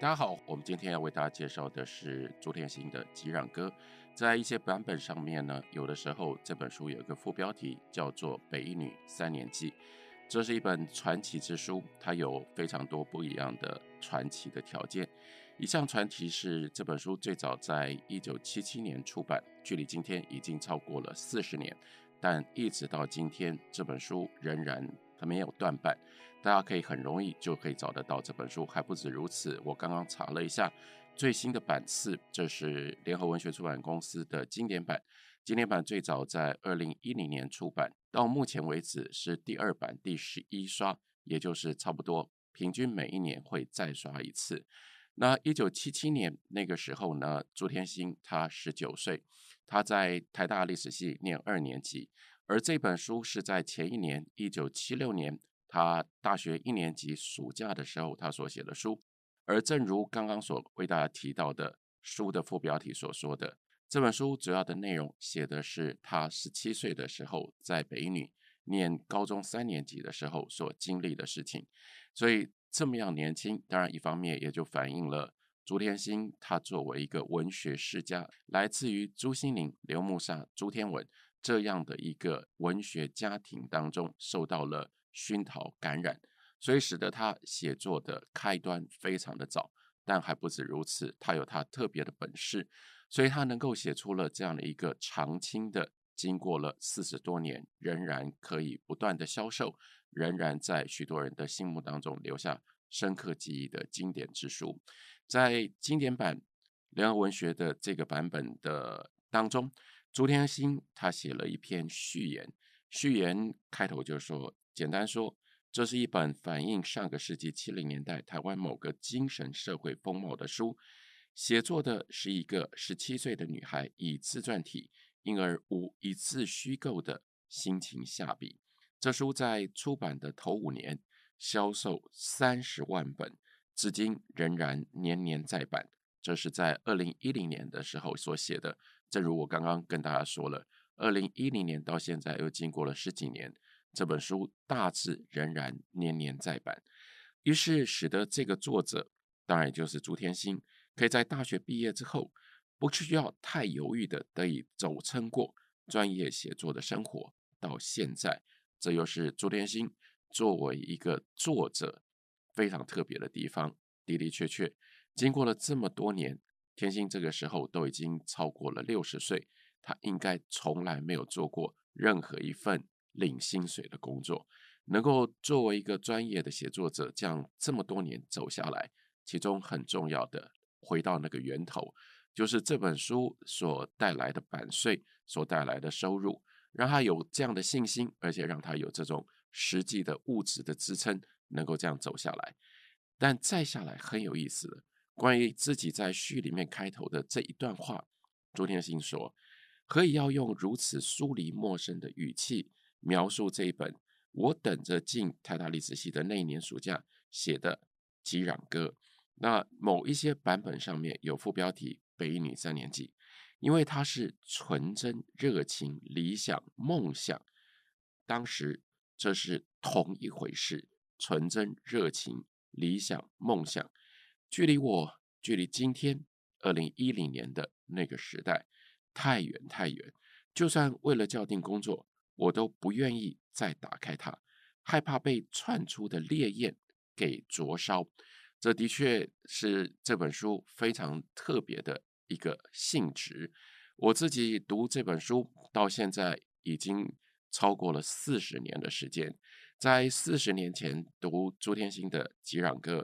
大家好，我們今天要為大家介紹的是朱天心的《擊壤歌》。在一些版本上面呢，有的時候這本書有一個副標題叫做《北一女三年級》。這是一本傳奇之書，它有非常多不一樣的傳奇的條件。一項傳奇是這本書最早在一九七七年出版，距離今天已經超過了四十年，但一直到今天，這本書仍然。它沒有斷版，大家可以很容易就可以找得到這本書。還不止如此，我剛剛查了一下最新的版次，這是聯合文學出版公司的經典版。經典版最早在二零一零年出版，到目前為止是第二版第十一刷，也就是差不多平均每一年會再刷一次。那一九七七年那個時候呢，朱天心他十九歲，他在台大歷史系念二年級。而這本書是在前一年，一九七六年，他大學一年級暑假的時候，他所寫的書。而正如剛剛所為大家提到的，書的副標題所說的，這本書主要的內容寫的是他十七歲的時候在北一女念高中三年級的時候所經歷的事情。所以這麼樣年輕，當然一方面也就反映了朱天心，他作為一個文學世家，來自於朱西甯、劉慕沙、朱天文。這樣的一個文學家庭當中受到了熏陶感染，所以使得他寫作的開端非常的早。但還不止如此，他有他特別的本事，所以他能夠寫出了這樣的一個長青的，經過了四十多年仍然可以不斷的銷售，仍然在許多人的心目當中留下深刻記憶的經典之書。在經典版聯合文學的這個版本的當中。朱天心他寫了一篇序言，序言開頭就說：簡單說，這是一本反映上個世紀七零年代台灣某個精神社會風貌的書。寫作的是一個十七歲的女孩，以自傳體，因而無一字虛構的心情下筆。這書在出版的頭五年銷售三十萬本，至今仍然年年再版。這是在二零一零年的時候所寫的。正如我剛剛跟大家說了，二零一零年到現在又經過了十幾年，這本書大致仍然年年再版，於是使得這個作者，當然就是朱天心，可以在大學畢業之後，不需要太猶豫的得以走撐過專業寫作的生活。到現在，這又是朱天心作為一個作者非常特別的地方，的的確確，經過了這麼多年，天心這個時候都已經超過了六十歲，他應該從來沒有做過任何一份領薪水的工作，能夠作為一個專業的寫作者，這樣這麼多年走下來，其中很重要的回到那個源頭，就是這本書所帶來的版稅所帶來的收入，讓他有這樣的信心，而且讓他有這種實際的物質的支撐，能夠這樣走下來。但再下來很有意思。關於自己在序裡面開頭的這一段話，朱天心說：“何以要用如此疏離陌生的語氣描述這一本？我等着進台大歷史系的那一年暑假寫的《擊壤歌》，那某一些版本上面有副標題‘北一女三年級’，因為它是純真、熱情、理想、夢想。當時這是同一回事：純真、熱情、理想、夢想。”距離我，距離今天二零一零年的那個時代太遠太遠。就算為了校訂工作，我都不願意再打開它，害怕被竄出的烈焰給灼燒。這的確是這本書非常特別的一個性質。我自己讀這本書到現在已經超過了四十年的時間，在四十年前讀朱天心的《擊壤歌》。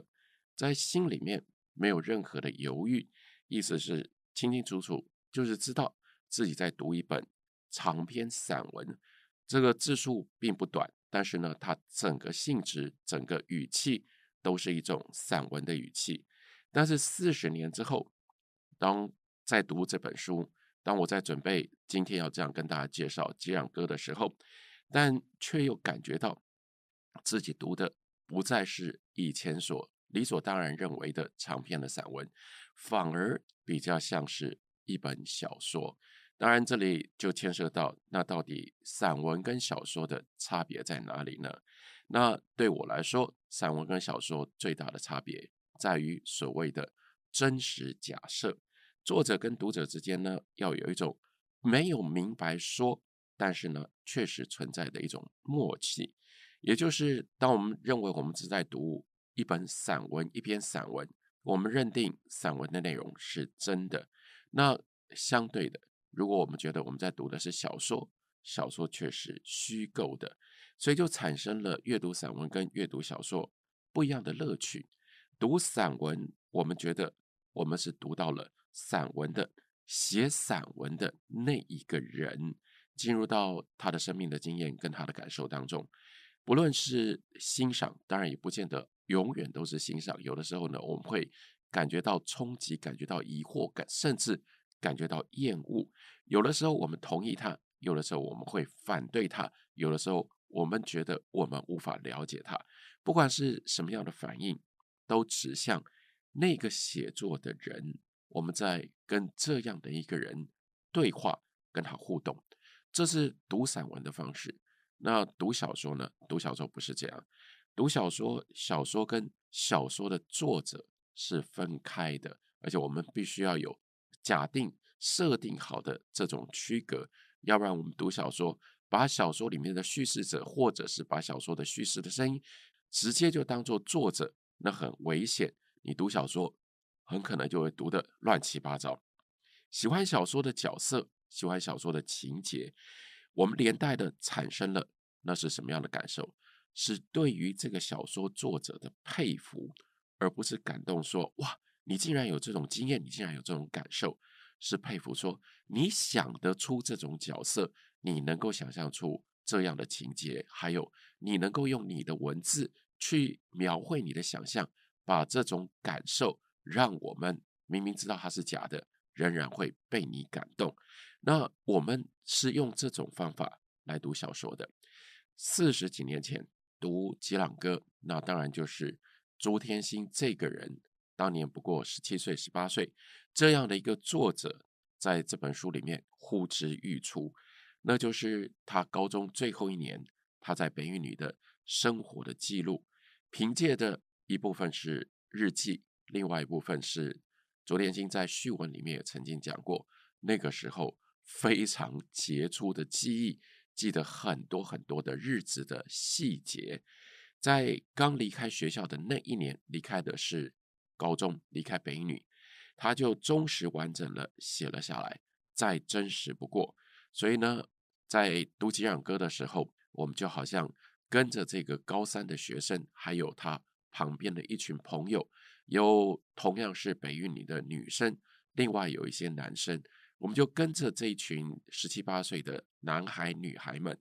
在心裡面沒有任何的猶豫，意思是清清楚楚，就是知道自己在讀一本長篇散文。這個字數並不短，但是呢，它整個性質、整個語氣都是一種散文的語氣。但是四十年之後，當在讀這本書，當我在準備今天要這樣跟大家介紹《擊壤歌》的時候，但卻又感覺到自己讀的不再是以前所理所當然認為的長篇的散文，反而比較像是一本小說。當然，這裡就牽涉到那到底散文跟小說的差別在哪裡呢？那對我來說，散文跟小說最大的差別在於所謂的真實假設，作者跟讀者之間呢，要有一種沒有明白說，但是呢，確實存在的一種默契。也就是，當我們認為我們是在讀，一本散文，一篇散文，我們認定散文的內容是真的。那相對的，如果我們覺得我們在讀的是小說，小說卻是虛構的，所以就產生了閱讀散文跟閱讀小說不一樣的樂趣。讀散文，我們覺得我們是讀到了散文的，寫散文的那一個人，進入到他的生命的經驗跟他的感受當中。不論是欣賞，當然也不見得。永遠都是欣賞，有的時候呢，我們會感覺到衝擊，感覺到疑惑，甚至感覺到厭惡。有的時候我們同意他，有的時候我們會反對他，有的時候我們覺得我們無法了解他。不管是什麼樣的反應，都指向那個寫作的人。我們在跟這樣的一個人對話，跟他互動，這是讀散文的方式。那讀小說呢？讀小說不是這樣。讀小說，小說跟小說的作者是分開的，而且我們必須要有假定設定好的這種區隔，要不然我們讀小說，把小說裡面的敘事者，或者是把小說的敘事的聲音，直接就當做作，作者，那很危險。你讀小說，很可能就會讀得亂七八糟。喜歡小說的角色，喜歡小說的情節，我們連帶的產生了，那是什麼樣的感受？是對於這個小說作者的佩服，而不是感動說，說哇，你竟然有這種經驗，你竟然有這種感受，是佩服說，說你想得出這種角色，你能夠想象出這樣的情節，還有你能夠用你的文字去描繪你的想象，把這種感受讓我們明明知道它是假的，仍然會被你感動。那我們是用這種方法來讀小說的。四十幾年前。讀《擊壤歌》，那當然就是朱天心這個人，當年不過十七歲、十八歲這樣的一個作者，在這本書裡面呼之欲出，那就是他高中最後一年他在北一女的生活的記錄，憑借着一部分是日記，另外一部分是朱天心在序文裡面也曾經講過，那個時候非常傑出的記憶。記得很多很多的日子的細節，在剛離開學校的那一年，離開的是高中，離開北一女，他就忠實完整了寫了下來，再真實不過。所以呢，在讀《擊壤歌》的時候，我們就好像跟着這個高三的學生，還有他旁邊的一群朋友，有同樣是北一女的女生，另外有一些男生，我們就跟着這一群十七八歲的。男孩、女孩們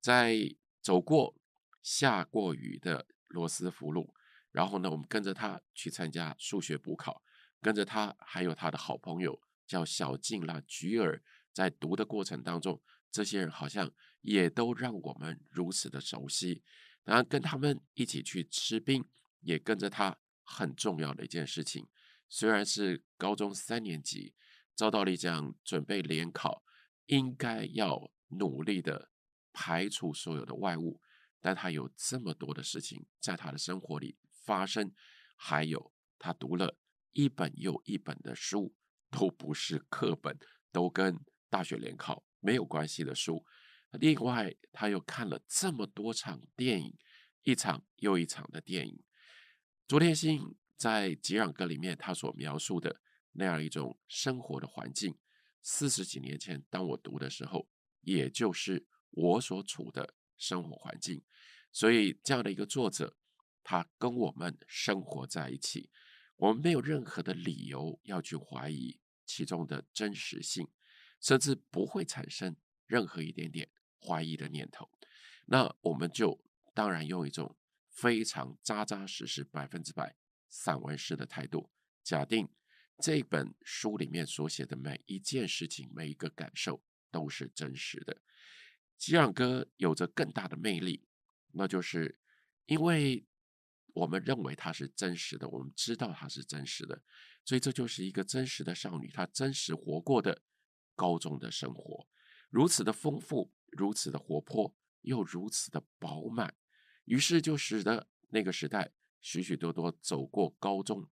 在走過下過雨的羅斯福路，然後呢，我們跟着他去參加數學補考，跟着他還有他的好朋友叫小靜啦、菊兒，在讀的過程當中，這些人好像也都讓我們如此的熟悉。然後跟他們一起去吃冰，也跟着他很重要的一件事情，雖然是高中三年級，照道理講準備聯考，應該要。努力的排除所有的外物，但他有這麼多的事情在他的生活裡發生，還有他讀了一本又一本的書，都不是課本，都跟大學聯考沒有關係的書。另外，他又看了這麼多場電影，一場又一場的電影。卓別林在《擊壤歌》裡面他所描述的那樣一種生活的環境，四十幾年前當我讀的時候。也就是我所處的生活環境，所以這樣的一個作者，他跟我們生活在一起，我們沒有任何的理由要去懷疑其中的真實性，甚至不會產生任何一點點懷疑的念頭。那我們就當然用一種非常扎扎實實、百分之百散文式的態度，假定這本書裡面所寫的每一件事情、每一個感受。都是真實的。擊壤歌有着更大的魅力，那就是因為我們認為它是真實的，我們知道它是真實的，所以這就是一個真實的少女，她真實活過的高中的生活，如此的豐富，如此的活潑，又如此的飽滿，於是就使得那個時代許許多多走過高中，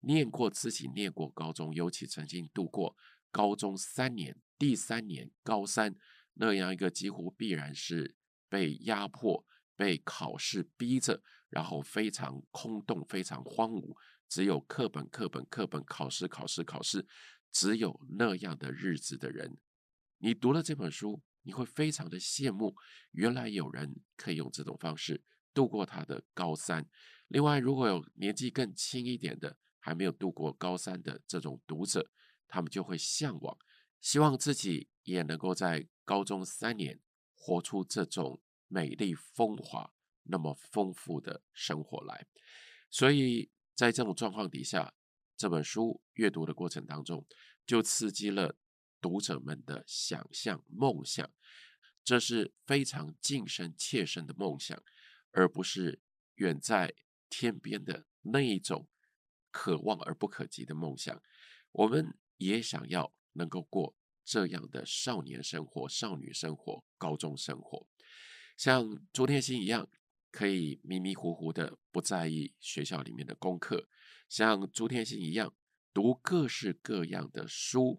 念過自己念過高中，尤其曾經度過，高中三年，第三年高三，那樣一個幾乎必然是被壓迫、被考試逼着，然後非常空洞、非常荒蕪，只有課本、課本、課本，考試、考試、考試，只有那樣的日子的人。你讀了這本書，你會非常的羨慕，原來有人可以用這種方式度過他的高三。另外，如果有年紀更輕一點的，還沒有度過高三的這種讀者。他們就會向往，希望自己也能夠在高中三年活出這種美麗風華、那麼豐富的生活來。所以，在這種狀況底下，這本書閱讀的過程當中，就刺激了讀者們的想象、夢想。這是非常近身、切身的夢想，而不是遠在天邊的那一種可望而不可及的夢想。我們也想要能夠過這樣的少年生活、少女生活、高中生活，像朱天心一樣，可以迷迷糊糊的不在意學校裡面的功課，像朱天心一樣讀各式各樣的書。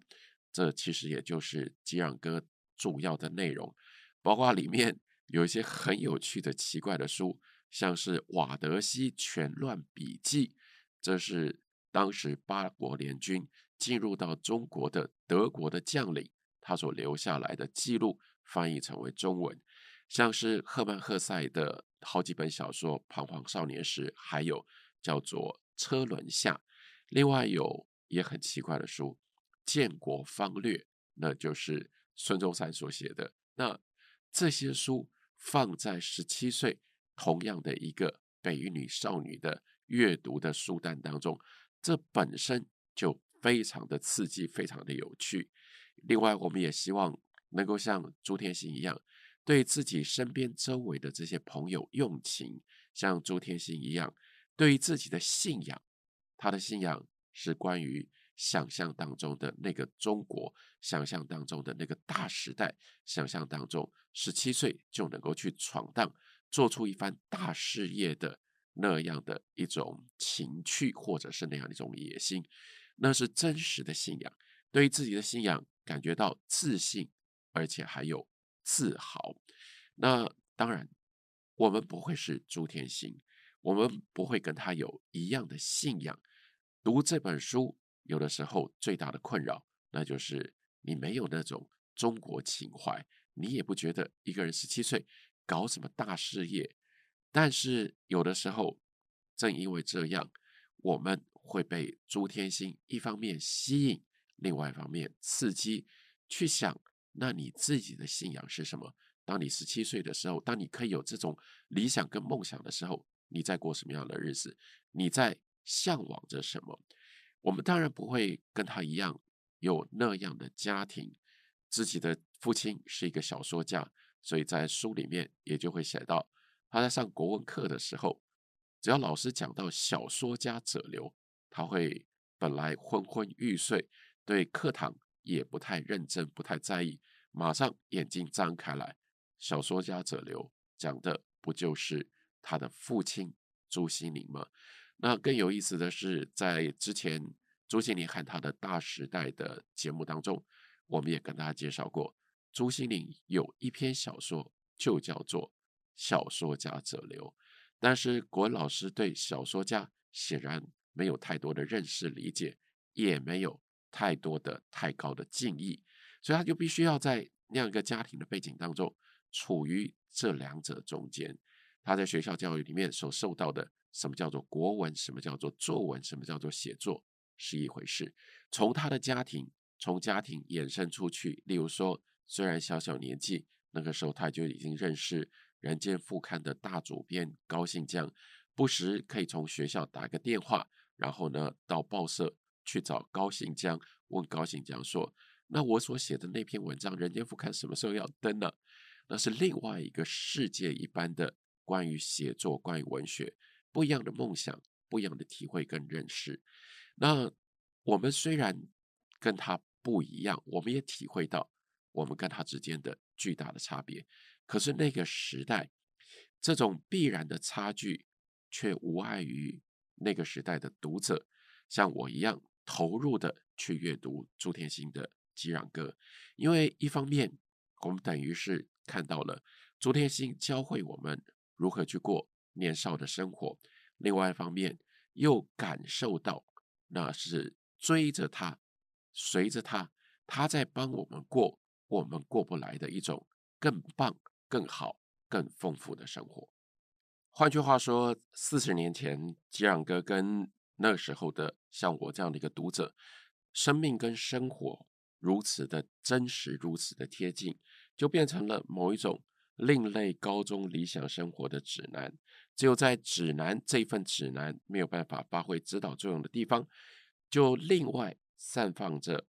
這其實也就是擊壤歌主要的內容，包括裡面有一些很有趣的、奇怪的書，像是《瓦德西拳亂筆記》，這是當時八國聯軍。進入到中國的德國的將領，他所留下來的記錄翻譯成為中文，像是赫曼·赫塞的好幾本小說《彷徨少年時》，還有叫做《車輪下》，另外有也很奇怪的書《建國方略》，那就是孫中山所寫的。那這些書放在十七歲同樣的一個北一女少女的閱讀的書單當中，這本身就。非常的刺激，非常的有趣。另外，我們也希望能夠像朱天心一樣，對自己身邊周圍的這些朋友用情，像朱天心一樣，對於自己的信仰，他的信仰是關於想象當中的那個中國，想象當中的那個大時代，想象當中十七歲就能夠去闖蕩，做出一番大事業的那樣的一種情趣，或者是那樣的一種野心。那是真實的信仰，對於自己的信仰感覺到自信，而且還有自豪。那當然，我們不會是朱天心，我們不會跟他有一樣的信仰。嗯、讀這本書，有的時候最大的困擾，那就是你沒有那種中國情懷，你也不覺得一個人十七歲搞什麼大事業。但是有的時候，正因為這樣，我們。會被朱天心一方面吸引，另外一方面刺激，去想那你自己的信仰是什麼？當你十七歲的時候，當你可以有這種理想跟夢想的時候，你在過什麼樣的日子？你在向往着什麼？我們當然不會跟他一樣有那樣的家庭，自己的父親是一個小說家，所以在書裡面也就會寫到他在上國文課的時候，只要老師講到小說家者流。他會本來昏昏欲睡，對課堂也不太認真，不太在意，馬上眼睛張開來，《小說家者流》講的不就是他的父親朱西甯嗎？那更有意思的是，在之前朱西甯和他的《大時代》的節目當中，我們也跟大家介紹過，朱西甯有一篇小說就叫做《小說家者流》，但是國文老師對小說家顯然。沒有太多的認識理解，也沒有太多的太高的敬意，所以他就必須要在那樣一個家庭的背景當中，處於這兩者中間。他在學校教育裡面所受到的什麼叫做國文，什麼叫做作文，什麼叫做寫作是一回事。從他的家庭，從家庭延伸出去，例如說，雖然小小年紀，那個時候他就已經認識《人間副刊》的大主編高信疆，不時可以從學校打個電話，然後呢，到報社去找高行江，問高行江說：“那我所寫的那篇文章，《人間副刊》什麼時候要登呢？”那是另外一個世界一般的關於寫作、關於文學不一樣的夢想、不一樣的體會跟認識。那我們雖然跟他不一樣，我們也體會到我們跟他之間的巨大的差別。可是那個時代，這種必然的差距卻無礙於，那個時代的讀者，像我一樣投入的去閱讀朱天心的《擊壤歌》，因為一方面我們等於是看到了朱天心教會我們如何去過年少的生活，另外一方面又感受到那是追着他，隨着他，他在幫我們過我們過不來的一種更棒、更好、更豐富的生活。換句話說，四十年前擊壤歌跟那時候的像我這樣的一個讀者，生命跟生活如此的真實，如此的貼近，就變成了某一種另類高中理想生活的指南。只有在指南這份指南沒有辦法發揮指導作用的地方，就另外散放着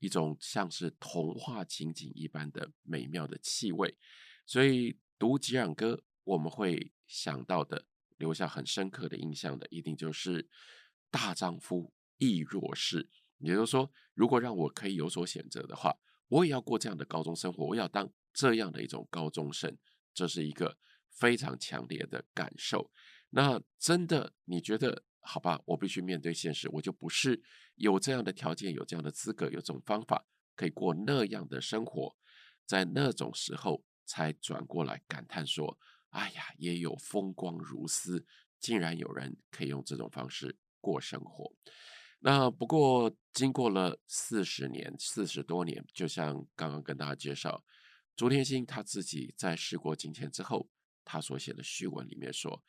一種像是童話情景一般的美妙的氣味。所以讀擊壤歌，我們會。想到的，留下很深刻的印象的，一定就是“大丈夫亦若是”。也就是說，如果讓我可以有所選擇的話，我也要過這樣的高中生活，我要當這樣的一種高中生，這是一個非常強烈的感受。那真的，你覺得好吧？我必須面對現實，我就不是有這樣的條件、有這樣的資格、有這種方法可以過那樣的生活。在那種時候，才轉過來感嘆說。哎呀，也有風光如斯，竟然有人可以用這種方式過生活。那不過，經過了四十年、四十多年，就像剛剛跟大家介紹，朱天心他自己在事過境遷之後，他所寫的序文裡面說，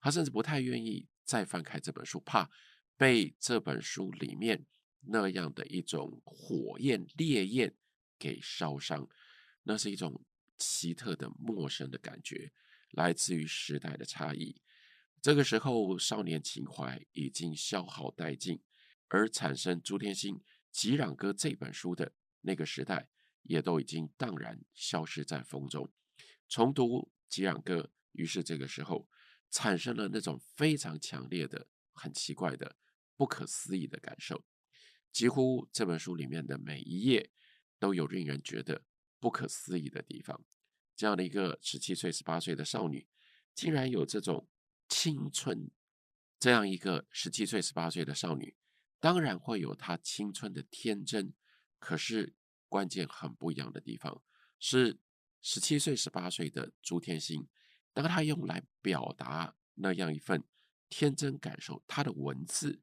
他甚至不太願意再翻開這本書，怕被這本書裡面那樣的一種火焰烈焰給燒傷。那是一種奇特的、陌生的感覺。來自於時代的差異，這個時候少年情懷已經消耗殆盡，而產生朱天心《擊壤歌》這本書的那個時代，也都已經蕩然消失在風中。重讀《擊壤歌》，於是這個時候產生了那種非常強烈的、很奇怪的、不可思議的感受，幾乎這本書裡面的每一頁都有令人覺得不可思議的地方。這樣的一個十七歲、十八歲的少女，竟然有這種青春。這樣一個十七歲、十八歲的少女，當然會有她青春的天真。可是關鍵很不一樣的地方是，十七歲、十八歲的朱天心，當她用來表達那樣一份天真感受，她的文字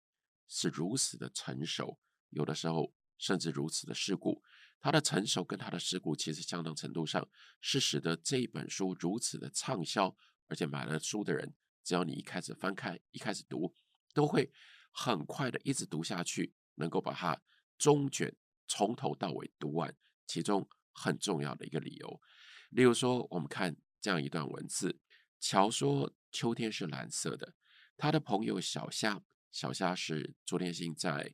是如此的成熟，有的時候甚至如此的世故。他的成熟跟他的世故，其實相當程度上是使得這本書如此的暢銷，而且買了書的人，只要你一開始翻開、一開始讀，都會很快的一直讀下去，能夠把它終卷從頭到尾讀完。其中很重要的一個理由，例如說，我們看這樣一段文字：喬說，秋天是藍色的。他的朋友小蝦，小蝦是朱天心在《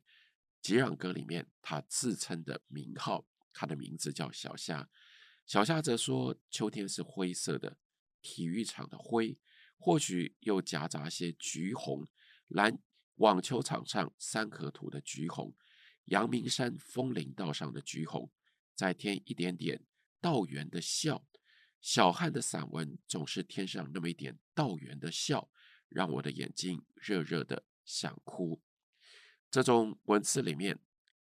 擊壤歌》裡面他自稱的名號。他的名字叫小夏，小夏則說：“秋天是灰色的，體育場的灰，或許又夾雜些橘紅，藍網球場上三合土的橘紅，陽明山楓林道上的橘紅，再添一點點道元的笑。小漢的散文總是添上那麼一點道元的笑，讓我的眼睛熱熱的想哭。這種文字裡面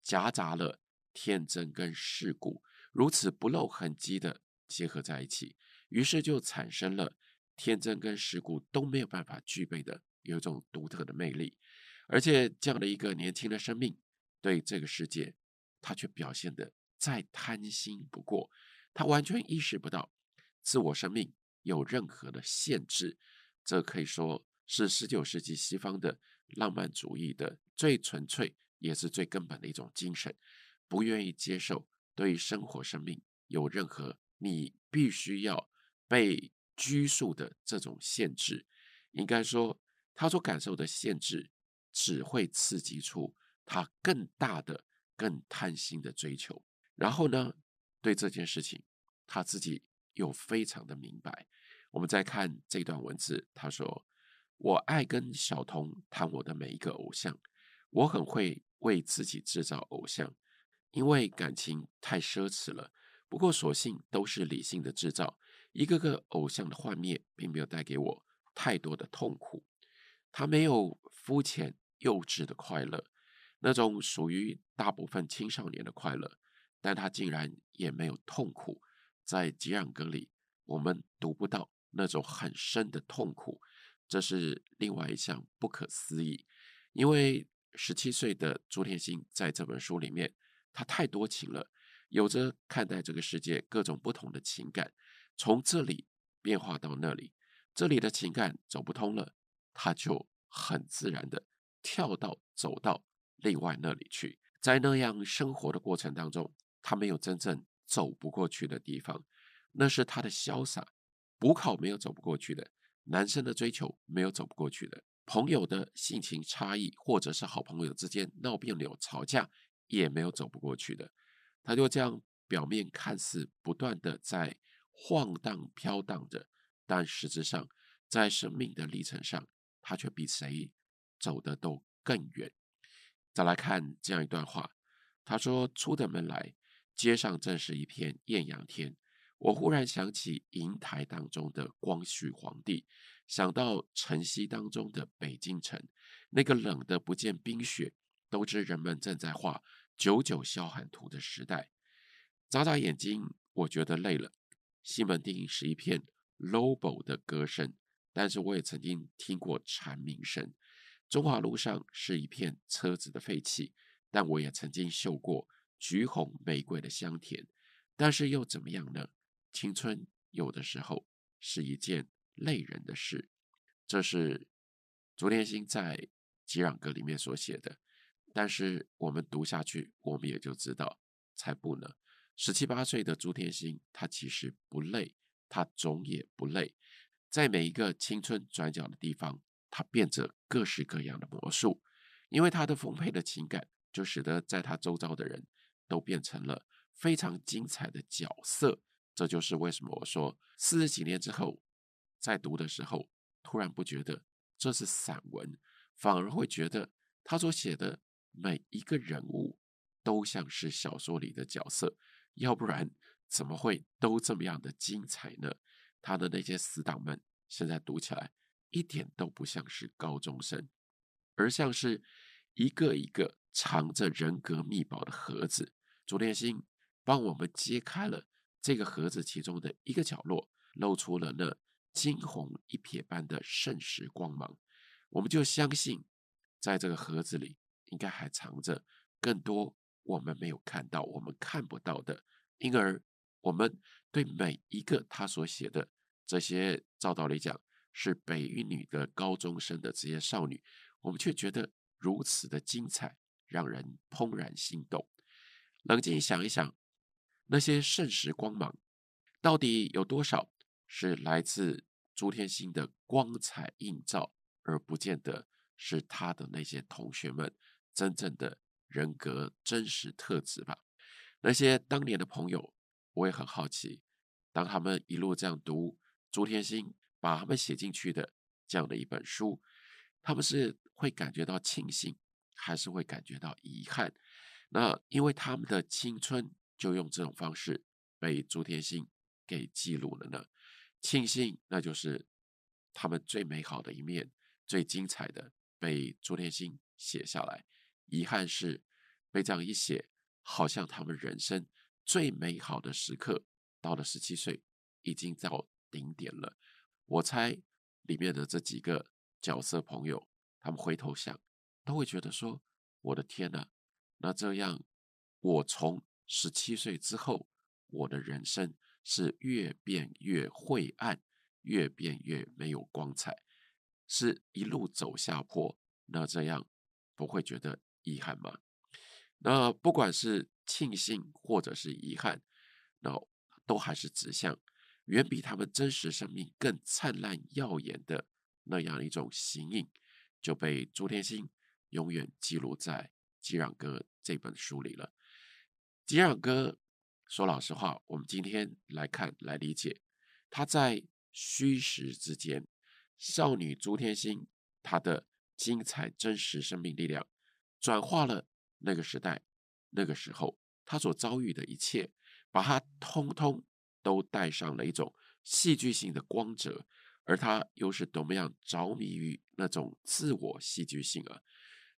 夾雜了。”天真跟世故如此不露痕跡的結合在一起，於是就產生了天真跟世故都沒有辦法具備的有一種獨特的魅力。而且這樣的一個年輕的生命，對這個世界他卻表現得再貪心不過，他完全意識不到自我生命有任何的限制。這可以說是十九世紀西方的浪漫主義的最純粹也是最根本的一種精神。不願意接受對於生活、生命有任何你必須要被拘束的這種限制，應該說，他所感受的限制只會刺激出他更大的、更貪心的追求。然後呢，對這件事情，他自己又非常的明白。我們再看這段文字，他說：“我愛跟小童談我的每一個偶像，我很會為自己制造偶像。”因為感情太奢侈了，不過所幸都是理性的製造，一個個偶像的幻滅，並沒有帶給我太多的痛苦。他沒有膚淺幼稚的快樂，那種屬於大部分青少年的快樂，但他竟然也沒有痛苦。在擊壤歌裡，我們讀不到那種很深的痛苦，這是另外一項不可思議。因為十七歲的朱天心在這本書裡面。他太多情了，有着看待這個世界各種不同的情感，從這裡變化到那裡，這裡的情感走不通了，他就很自然地跳到走到另外那裡去，在那樣生活的過程當中，他沒有真正走不過去的地方，那是他的瀟灑。補考沒有走不過去的，男生的追求沒有走不過去的，朋友的性情差異，或者是好朋友之間鬧彆扭、吵架。也沒有走不過去的，他就這樣表面看似不斷的在晃蕩飄蕩着，但實質上在生命的歷程上，他卻比誰走得都更遠。再來看這樣一段話，他說：“出的門來，街上正是一片豔陽天。我忽然想起瀛台當中的光緒皇帝，想到晨曦當中的北京城，那個冷得不見冰雪，都知人們正在畫。”九九消寒圖的時代，眨眨眼睛，我覺得累了。西門町是一片 Lobo 的歌聲，但是我也曾經聽過蟬鳴聲。中華路上是一片車子的廢氣，但我也曾經嗅過橘紅玫瑰的香甜。但是又怎麼樣呢？青春有的時候是一件累人的事。這是朱天心在《擊壤歌》裡面所寫的。但是我們讀下去，我們也就知道，才不呢！十七八歲的朱天心，他其實不累，他總也不累，在每一個青春轉角的地方，他變着各式各樣的魔術，因為他的豐沛的情感，就使得在他周遭的人都變成了非常精彩的角色。這就是為什麼我說四十幾年之後，在讀的時候，突然不覺得這是散文，反而會覺得他所寫的。每一個人物都像是小說裡的角色，要不然怎麼會都這麼樣的精彩呢？他的那些死黨們現在讀起來一點都不像是高中生，而像是一個一個藏着人格密寶的盒子。朱天心幫我們揭開了這個盒子其中的一個角落，露出了那驚鴻一瞥般的盛世光芒。我們就相信，在這個盒子裡。應該還藏着更多我們沒有看到、我們看不到的，因而我們對每一個他所寫的這些，照道理講是北一女的高中生的這些少女，我們卻覺得如此的精彩，讓人怦然心動。冷靜想一想，那些盛時光芒到底有多少是來自朱天心的光彩映照，而不見得是他的那些同學們。真正的人格、真實特質吧。那些當年的朋友，我也很好奇，當他們一路這樣讀朱天心把他們寫進去的這樣的一本書，他們是會感覺到慶幸，還是會感覺到遺憾？那因為他們的青春就用這種方式被朱天心給記錄了呢？慶幸，那就是他們最美好的一面、最精彩的被朱天心寫下來。遺憾是被這樣一寫，好像他們人生最美好的時刻到了十七歲，已經到頂點了。我猜裡面的這幾個角色朋友，他們回頭想，都會覺得說：“我的天吶啊，那這樣我從十七歲之後，我的人生是越變越晦暗，越變越沒有光彩，是一路走下坡。”那這樣不會覺得。遺憾嗎？那不管是慶幸或者是遺憾，那、no, 都還是指向遠比他們真實生命更燦爛耀眼的那樣一種形影，就被朱天心永遠記錄在《擊壤歌》這本書裡了。《擊壤歌》說老實話，我們今天來看、來理解，他在虛實之間，少女朱天心她的精彩真實生命力量。轉化了那個時代，那個時候他所遭遇的一切，把他通通都帶上了一種戲劇性的光澤。而他又是怎麼樣着迷於那種自我戲劇性啊？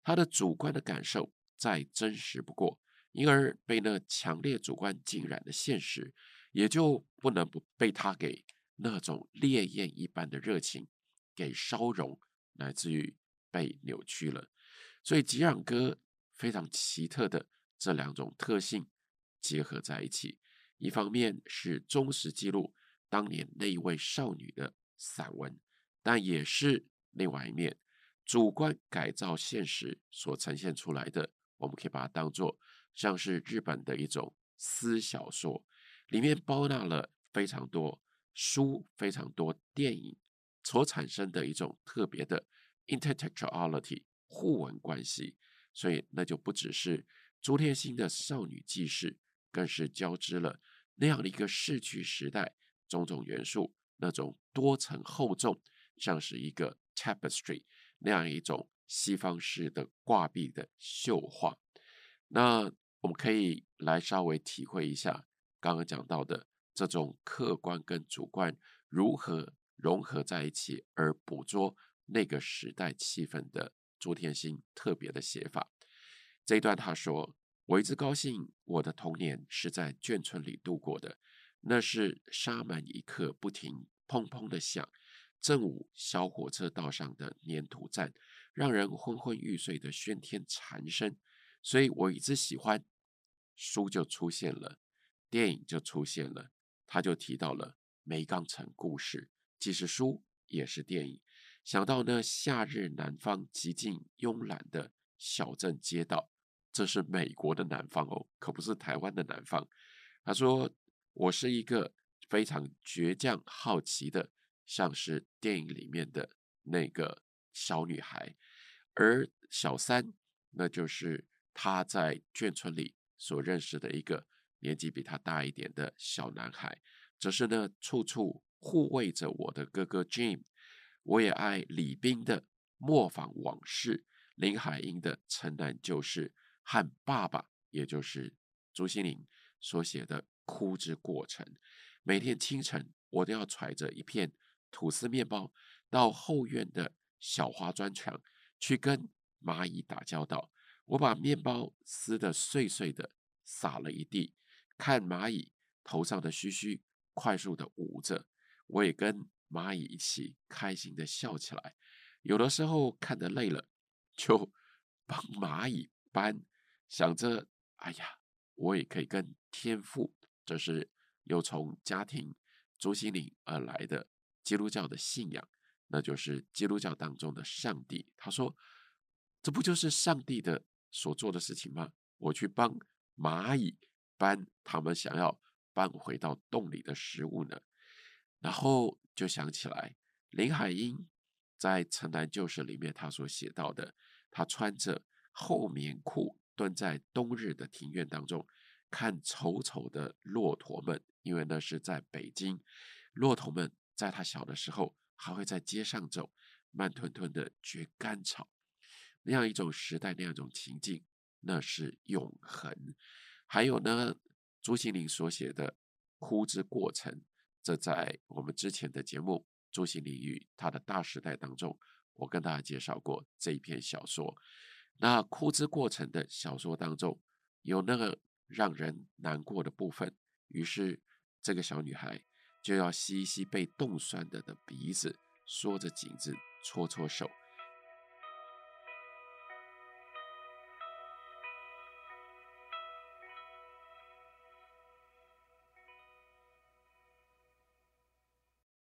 他的主觀的感受再真實不過，因而被那強烈主觀浸染的現實，也就不能不被他給那種烈焰一般的熱情給燒融，乃至於被扭曲了。所以，擊壤歌非常奇特的這兩種特性結合在一起，一方面是忠實記錄當年那一位少女的散文，但也是另外一面主觀改造現實所呈現出來的。我們可以把它當做像是日本的一種私小說，裡面包納了非常多書、非常多電影所產生的一種特別的 intertextuality。互文關係，所以那就不只是朱天心的少女記事，更是交織了那樣的一個逝去時代種種元素，那種多層厚重，像是一個 tapestry 那樣一種西方式的掛壁的繡畫。那我們可以來稍微體會一下剛剛講到的這種客觀跟主觀如何融合在一起，而捕捉那個時代氣氛的。朱天心特別的寫法，這一段他說：“我一直高興，我的童年是在眷村裡度過的，那是紗門一刻不停砰砰的響，正午小火車道上的黏土站，讓人昏昏欲睡的喧天蟬聲，所以我一直喜歡書就出現了，電影就出現了，他就提到了梅岡城故事，既是書也是電影。”想到呢，夏日南方極盡慵懶的小鎮街道，這是美國的南方哦，可不是台灣的南方。他說：“我是一個非常倔強、好奇的，像是電影裡面的那個小女孩。”而小三，那就是他在眷村裡所認識的一個年紀比他大一點的小男孩，只是呢，處處護衛着我的哥哥 Jim。我也愛李冰的《磨坊往事》，林海音的《城南舊事》，和爸爸，也就是朱西甯所寫的《哭之過程》。每天清晨，我都要揣着一片吐司麵包，到後院的小花磚牆去跟螞蟻打交道。我把麵包撕得碎碎的，撒了一地，看螞蟻頭上的鬚鬚快速的舞着。我也跟螞蟻一起開心的笑起來，有的時候看得累了，就幫螞蟻搬，想着：“哎呀，我也可以跟天父，這是又從家庭中心靈而來的基督教的信仰，那就是基督教當中的上帝。”他說：“這不就是上帝的所做的事情嗎？我去幫螞蟻搬他們想要搬回到洞裡的食物呢，然後。”就想起來，林海音在《城南舊事》裡面，他所寫到的，他穿着厚棉褲蹲在冬日的庭院當中，看醜醜的駱駝們。因為那是在北京，駱駝們在他小的時候還會在街上走，慢吞吞的嚼乾草。那樣一種時代，那樣一種情境，那是永恆。還有呢，朱西甯所寫的《哭之過程》。這在我們之前的節目《朱西甯與他的大時代》當中，我跟大家介紹過這一篇小說。那哭之過程的小說當中，有那個讓人難過的部分，於是這個小女孩就要吸一吸被凍酸的的鼻子，縮着頸子，搓搓手。